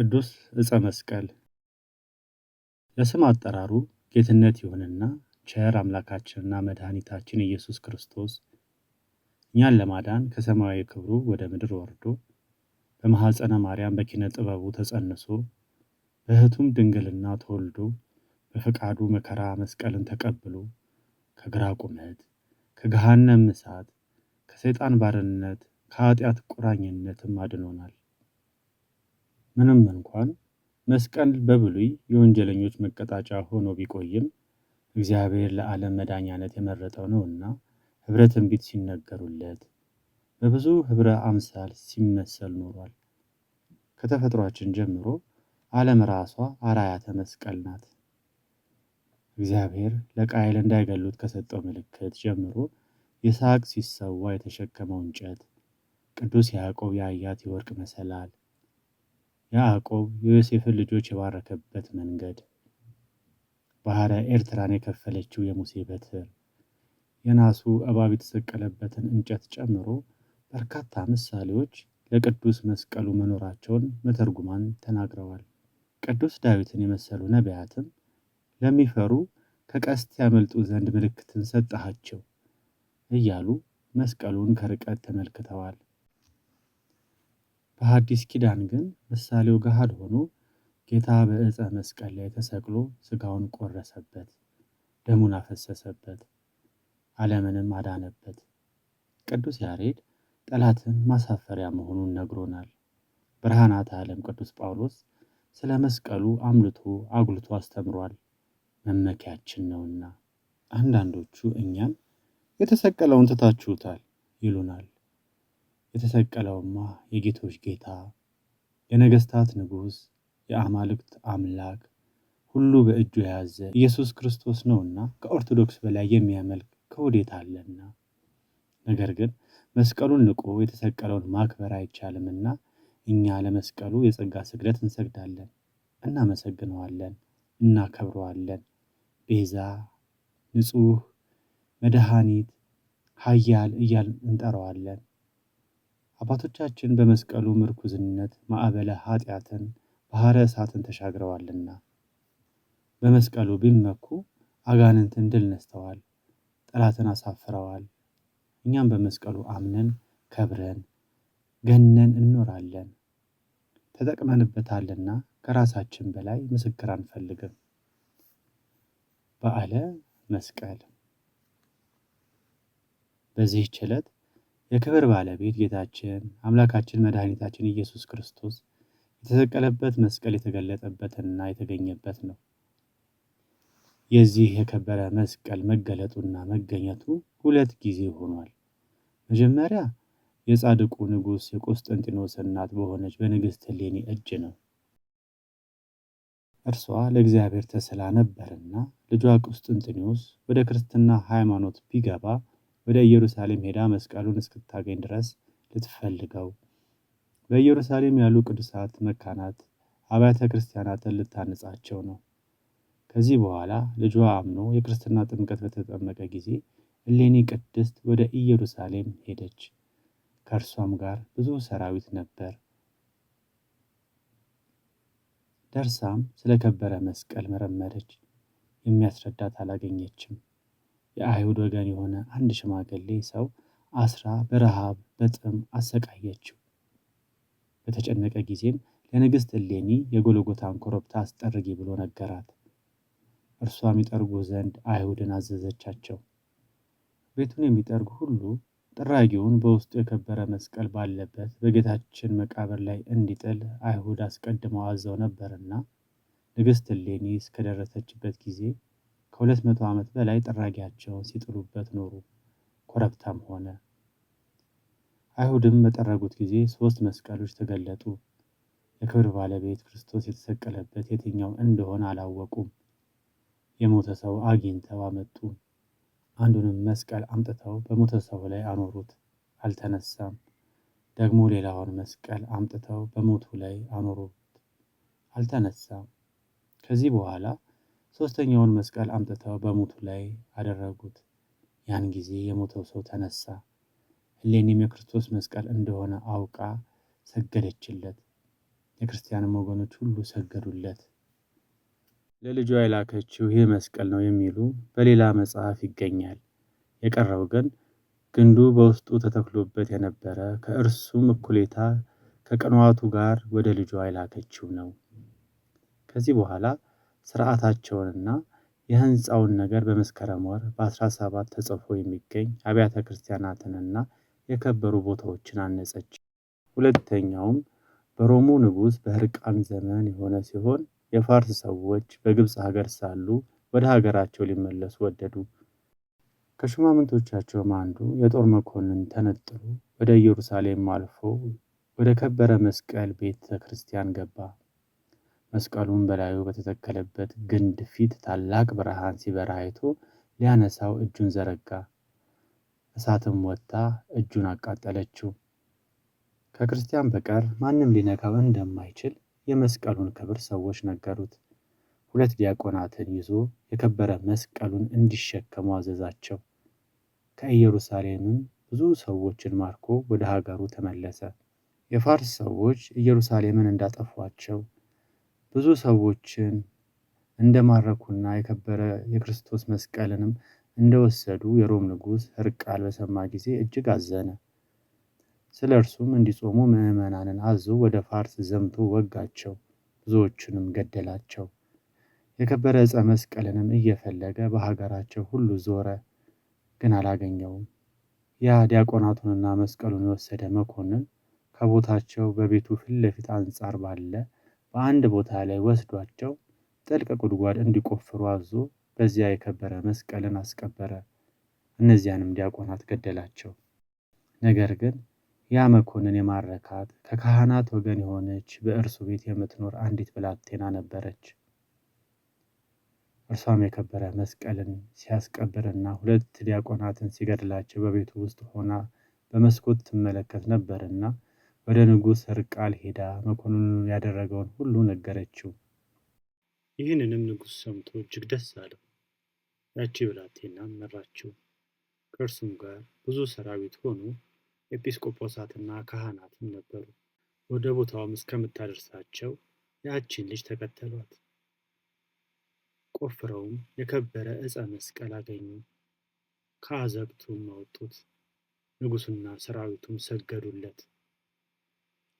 ቅዱስ ዕፀ መስቀል ለስም አጠራሩ ጌትነት ይሁንና ቸር አምላካችንና መድኃኒታችን ኢየሱስ ክርስቶስ እኛን ለማዳን ከሰማያዊ ክብሩ ወደ ምድር ወርዶ በማኅፀነ ማርያም በኪነ ጥበቡ ተጸንሶ በእህቱም ድንግልና ተወልዶ በፈቃዱ መከራ መስቀልን ተቀብሎ ከግራ ቁመት ከገሃነም እሳት ከሰይጣን ባርነት ከኃጢአት ቁራኝነትም አድኖናል። ምንም እንኳን መስቀል በብሉይ የወንጀለኞች መቀጣጫ ሆኖ ቢቆይም፣ እግዚአብሔር ለዓለም መዳኛነት የመረጠው ነውና ኅብረ ትንቢት ሲነገሩለት፣ በብዙ ኅብረ አምሳል ሲመሰል ኖሯል። ከተፈጥሯችን ጀምሮ ዓለም ራሷ አራያተ መስቀል ናት። እግዚአብሔር ለቃየል እንዳይገሉት ከሰጠው ምልክት ጀምሮ ይስሐቅ ሲሰዋ የተሸከመው እንጨት፣ ቅዱስ ያዕቆብ ያያት የወርቅ መሰላል ያዕቆብ የዮሴፍን ልጆች የባረከበት መንገድ ባህረ ኤርትራን የከፈለችው የሙሴ በትር የናሱ እባብ የተሰቀለበትን እንጨት ጨምሮ በርካታ ምሳሌዎች ለቅዱስ መስቀሉ መኖራቸውን መተርጉማን ተናግረዋል። ቅዱስ ዳዊትን የመሰሉ ነቢያትም ለሚፈሩ ከቀስት ያመልጡ ዘንድ ምልክትን ሰጠሃቸው እያሉ መስቀሉን ከርቀት ተመልክተዋል። በሐዲስ ኪዳን ግን ምሳሌው ገሃድ ሆኖ ጌታ በዕፀ መስቀል ላይ ተሰቅሎ ሥጋውን ቆረሰበት፣ ደሙን አፈሰሰበት፣ ዓለምንም አዳነበት። ቅዱስ ያሬድ ጠላትን ማሳፈሪያ መሆኑን ነግሮናል። ብርሃናተ ዓለም ቅዱስ ጳውሎስ ስለ መስቀሉ አምልቶ አጉልቶ አስተምሯል፣ መመኪያችን ነውና። አንዳንዶቹ እኛን የተሰቀለውን ትታችሁታል ይሉናል። የተሰቀለውማ የጌቶች ጌታ የነገስታት ንጉሥ የአማልክት አምላክ ሁሉ በእጁ የያዘ ኢየሱስ ክርስቶስ ነውና ከኦርቶዶክስ በላይ የሚያመልክ ከወዴት አለና? ነገር ግን መስቀሉን ንቆ የተሰቀለውን ማክበር አይቻልምና እኛ ለመስቀሉ የጸጋ ስግደት እንሰግዳለን፣ እናመሰግነዋለን፣ እናከብረዋለን። ቤዛ፣ ንጹህ፣ መድኃኒት፣ ኃያል እያል እንጠራዋለን። አባቶቻችን በመስቀሉ ምርኩዝነት ማዕበለ ኃጢአትን ባሕረ እሳትን ተሻግረዋልና በመስቀሉ ቢመኩ አጋንንትን ድል ነስተዋል፣ ጠላትን አሳፍረዋል። እኛም በመስቀሉ አምነን ከብረን ገነን እኖራለን ተጠቅመንበታልና ከራሳችን በላይ ምስክር አንፈልግም። በዓለ መስቀል በዚህች ዕለት የክብር ባለቤት ጌታችን አምላካችን መድኃኒታችን ኢየሱስ ክርስቶስ የተሰቀለበት መስቀል የተገለጠበትና የተገኘበት ነው። የዚህ የከበረ መስቀል መገለጡና መገኘቱ ሁለት ጊዜ ሆኗል። መጀመሪያ የጻድቁ ንጉሥ የቆስጠንጢኖስ እናት በሆነች በንግሥት ሌኒ እጅ ነው። እርሷ ለእግዚአብሔር ተስላ ነበርና ልጇ ቆስጠንጢኖስ ወደ ክርስትና ሃይማኖት ቢገባ ወደ ኢየሩሳሌም ሄዳ መስቀሉን እስክታገኝ ድረስ ልትፈልገው፣ በኢየሩሳሌም ያሉ ቅዱሳት መካናት አብያተ ክርስቲያናትን ልታነጻቸው ነው። ከዚህ በኋላ ልጇ አምኖ የክርስትና ጥምቀት በተጠመቀ ጊዜ እሌኒ ቅድስት ወደ ኢየሩሳሌም ሄደች። ከእርሷም ጋር ብዙ ሰራዊት ነበር። ደርሳም ስለከበረ መስቀል መረመረች፣ የሚያስረዳት አላገኘችም። የአይሁድ ወገን የሆነ አንድ ሽማግሌ ሰው አስራ በረሃብ በጥም አሰቃየችው። በተጨነቀ ጊዜም ለንግሥት እሌኒ የጎልጎታን ኮረብታ አስጠርጊ ብሎ ነገራት። እርሷም ይጠርጉ ዘንድ አይሁድን አዘዘቻቸው። ቤቱን የሚጠርጉ ሁሉ ጥራጊውን በውስጡ የከበረ መስቀል ባለበት በጌታችን መቃብር ላይ እንዲጥል አይሁድ አስቀድመው አዘው ነበርና ንግሥት እሌኒ እስከደረሰችበት ጊዜ ከሁለት መቶ ዓመት በላይ ጥራጊያቸውን ሲጥሉበት ኖሩ። ኮረብታም ሆነ። አይሁድም በጠረጉት ጊዜ ሶስት መስቀሎች ተገለጡ። የክብር ባለቤት ክርስቶስ የተሰቀለበት የትኛው እንደሆነ አላወቁም። የሞተ ሰው አግኝተው አመጡ። አንዱንም መስቀል አምጥተው በሞተ ሰው ላይ አኖሩት፣ አልተነሳም። ደግሞ ሌላውን መስቀል አምጥተው በሞቱ ላይ አኖሩት፣ አልተነሳም። ከዚህ በኋላ ሦስተኛውን መስቀል አምጥተው በሙቱ ላይ አደረጉት። ያን ጊዜ የሞተው ሰው ተነሳ። እሌኒም የክርስቶስ መስቀል እንደሆነ አውቃ ሰገደችለት። የክርስቲያንም ወገኖች ሁሉ ሰገዱለት። ለልጇ የላከችው ይህ መስቀል ነው የሚሉ በሌላ መጽሐፍ ይገኛል። የቀረው ግን ግንዱ በውስጡ ተተክሎበት የነበረ ከእርሱም እኩሌታ ከቅንዋቱ ጋር ወደ ልጇ የላከችው ነው። ከዚህ በኋላ ስርዓታቸውንና የህንፃውን ነገር በመስከረም ወር በ17 ተጽፎ የሚገኝ አብያተ ክርስቲያናትንና የከበሩ ቦታዎችን አነጸች። ሁለተኛውም በሮሙ ንጉሥ በህርቃን ዘመን የሆነ ሲሆን የፋርስ ሰዎች በግብፅ ሀገር ሳሉ ወደ ሀገራቸው ሊመለሱ ወደዱ። ከሹማምንቶቻቸውም አንዱ የጦር መኮንን ተነጥሎ ወደ ኢየሩሳሌም አልፎ ወደ ከበረ መስቀል ቤተ ክርስቲያን ገባ። መስቀሉን በላዩ በተተከለበት ግንድ ፊት ታላቅ ብርሃን ሲበራ አይቶ ሊያነሳው እጁን ዘረጋ። እሳትም ወጥታ እጁን አቃጠለችው። ከክርስቲያን በቀር ማንም ሊነካው እንደማይችል የመስቀሉን ክብር ሰዎች ነገሩት። ሁለት ዲያቆናትን ይዞ የከበረ መስቀሉን እንዲሸከሙ አዘዛቸው። ከኢየሩሳሌምም ብዙ ሰዎችን ማርኮ ወደ ሀገሩ ተመለሰ። የፋርስ ሰዎች ኢየሩሳሌምን እንዳጠፏቸው ብዙ ሰዎችን እንደማረኩና የከበረ የክርስቶስ መስቀልንም እንደወሰዱ የሮም ንጉሥ ሕርቃል በሰማ ጊዜ እጅግ አዘነ። ስለ እርሱም እንዲጾሙ ምዕመናንን አዞ ወደ ፋርስ ዘምቶ ወጋቸው፣ ብዙዎቹንም ገደላቸው። የከበረ ዕፀ መስቀልንም እየፈለገ በሀገራቸው ሁሉ ዞረ፣ ግን አላገኘውም። ያ ዲያቆናቱንና መስቀሉን የወሰደ መኮንን ከቦታቸው በቤቱ ፊት ለፊት አንጻር ባለ በአንድ ቦታ ላይ ወስዷቸው ጥልቅ ጉድጓድ እንዲቆፍሩ አዞ በዚያ የከበረ መስቀልን አስቀበረ። እነዚያንም ዲያቆናት ገደላቸው። ነገር ግን ያ መኮንን የማረካት ከካህናት ወገን የሆነች በእርሱ ቤት የምትኖር አንዲት ብላቴና ነበረች። እርሷም የከበረ መስቀልን ሲያስቀብርና ሁለት ዲያቆናትን ሲገድላቸው በቤቱ ውስጥ ሆና በመስኮት ትመለከት ነበርና ወደ ንጉሥ ሕርቃል ሄዳ መኮንኑ ያደረገውን ሁሉ ነገረችው። ይህንንም ንጉሥ ሰምቶ እጅግ ደስ አለው። ያቺ ብላቴናም መራችው። ከእርሱም ጋር ብዙ ሰራዊት ሆኑ፣ ኤጲስቆጶሳትና ካህናትም ነበሩ። ወደ ቦታውም እስከምታደርሳቸው ያቺን ልጅ ተከተሏት። ቆፍረውም የከበረ ዕፀ መስቀል አገኙ። ከአዘቅቱም አወጡት። ንጉሡና ሰራዊቱም ሰገዱለት።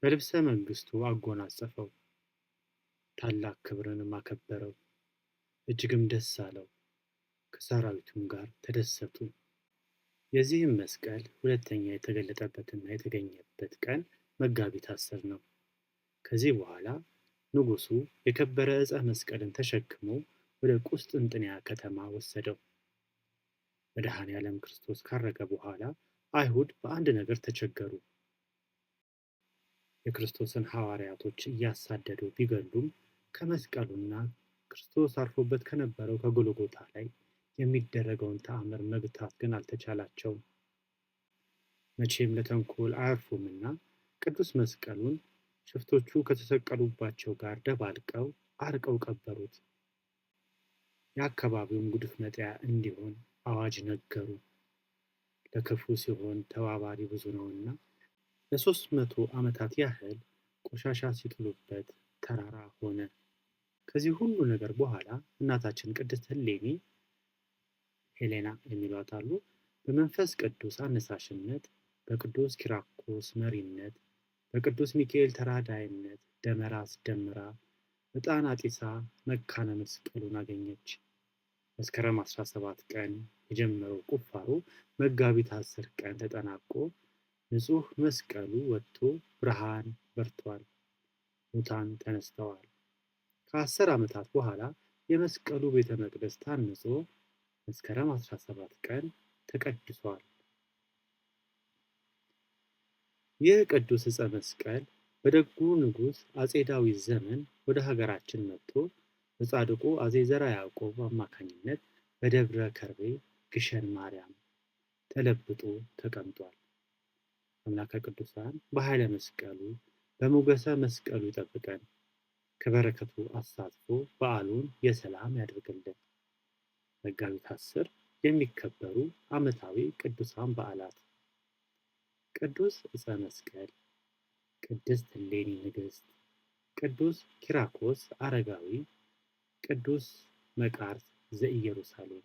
በልብሰ መንግስቱ አጎናጸፈው፣ ታላቅ ክብርንም አከበረው። እጅግም ደስ አለው፣ ከሰራዊቱም ጋር ተደሰቱ። የዚህም መስቀል ሁለተኛ የተገለጠበትና የተገኘበት ቀን መጋቢት አስር ነው። ከዚህ በኋላ ንጉሱ የከበረ ዕፀ መስቀልን ተሸክሞ ወደ ቁስጥንጥንያ ከተማ ወሰደው። መድኃኔ ዓለም ክርስቶስ ካረገ በኋላ አይሁድ በአንድ ነገር ተቸገሩ። የክርስቶስን ሐዋርያቶች እያሳደዱ ቢገሉም ከመስቀሉና ክርስቶስ አርፎበት ከነበረው ከጎልጎታ ላይ የሚደረገውን ተአምር መግታት ግን አልተቻላቸውም። መቼም ለተንኮል አያርፉምና ቅዱስ መስቀሉን ሽፍቶቹ ከተሰቀሉባቸው ጋር ደባልቀው አርቀው ቀበሩት። የአካባቢውም ጉድፍ መጥያ እንዲሆን አዋጅ ነገሩ። ለክፉ ሲሆን ተባባሪ ብዙ ነውና ለሶስት መቶ ዓመታት ያህል ቆሻሻ ሲጥሉበት ተራራ ሆነ። ከዚህ ሁሉ ነገር በኋላ እናታችን ቅድስት እሌኒ ሄሌና የሚሏት አሉ በመንፈስ ቅዱስ አነሳሽነት በቅዱስ ኪራኮስ መሪነት በቅዱስ ሚካኤል ተራዳይነት ደመራ አስደምራ ዕጣን አጢሳ መካነ መስቀሉን አገኘች። መስከረም 17 ቀን የጀመረው ቁፋሮ መጋቢት 10 ቀን ተጠናቆ ንጹሕ መስቀሉ ወጥቶ ብርሃን በርቷል፣ ሙታን ተነስተዋል። ከአስር ዓመታት በኋላ የመስቀሉ ቤተ መቅደስ ታንጾ መስከረም 17 ቀን ተቀድሷል። ይህ ቅዱስ ዕፀ መስቀል በደጉ ንጉሥ አጼ ዳዊት ዘመን ወደ ሀገራችን መጥቶ በጻድቁ አጼ ዘርዓ ያዕቆብ አማካኝነት በደብረ ከርቤ ግሸን ማርያም ተለብጦ ተቀምጧል። አምላከ ቅዱሳን በኃይለ መስቀሉ በሞገሰ መስቀሉ ይጠብቀን። ከበረከቱ አሳትፎ በዓሉን የሰላም ያደርግልን። መጋቢት አስር የሚከበሩ ዓመታዊ ቅዱሳን በዓላት ቅዱስ ዕፀ መስቀል፣ ቅድስት ዕሌኒ ንግሥት፣ ቅዱስ ኪራኮስ አረጋዊ፣ ቅዱስ መቃርስ ዘኢየሩሳሌም።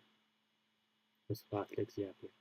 ስብሐት ለእግዚአብሔር።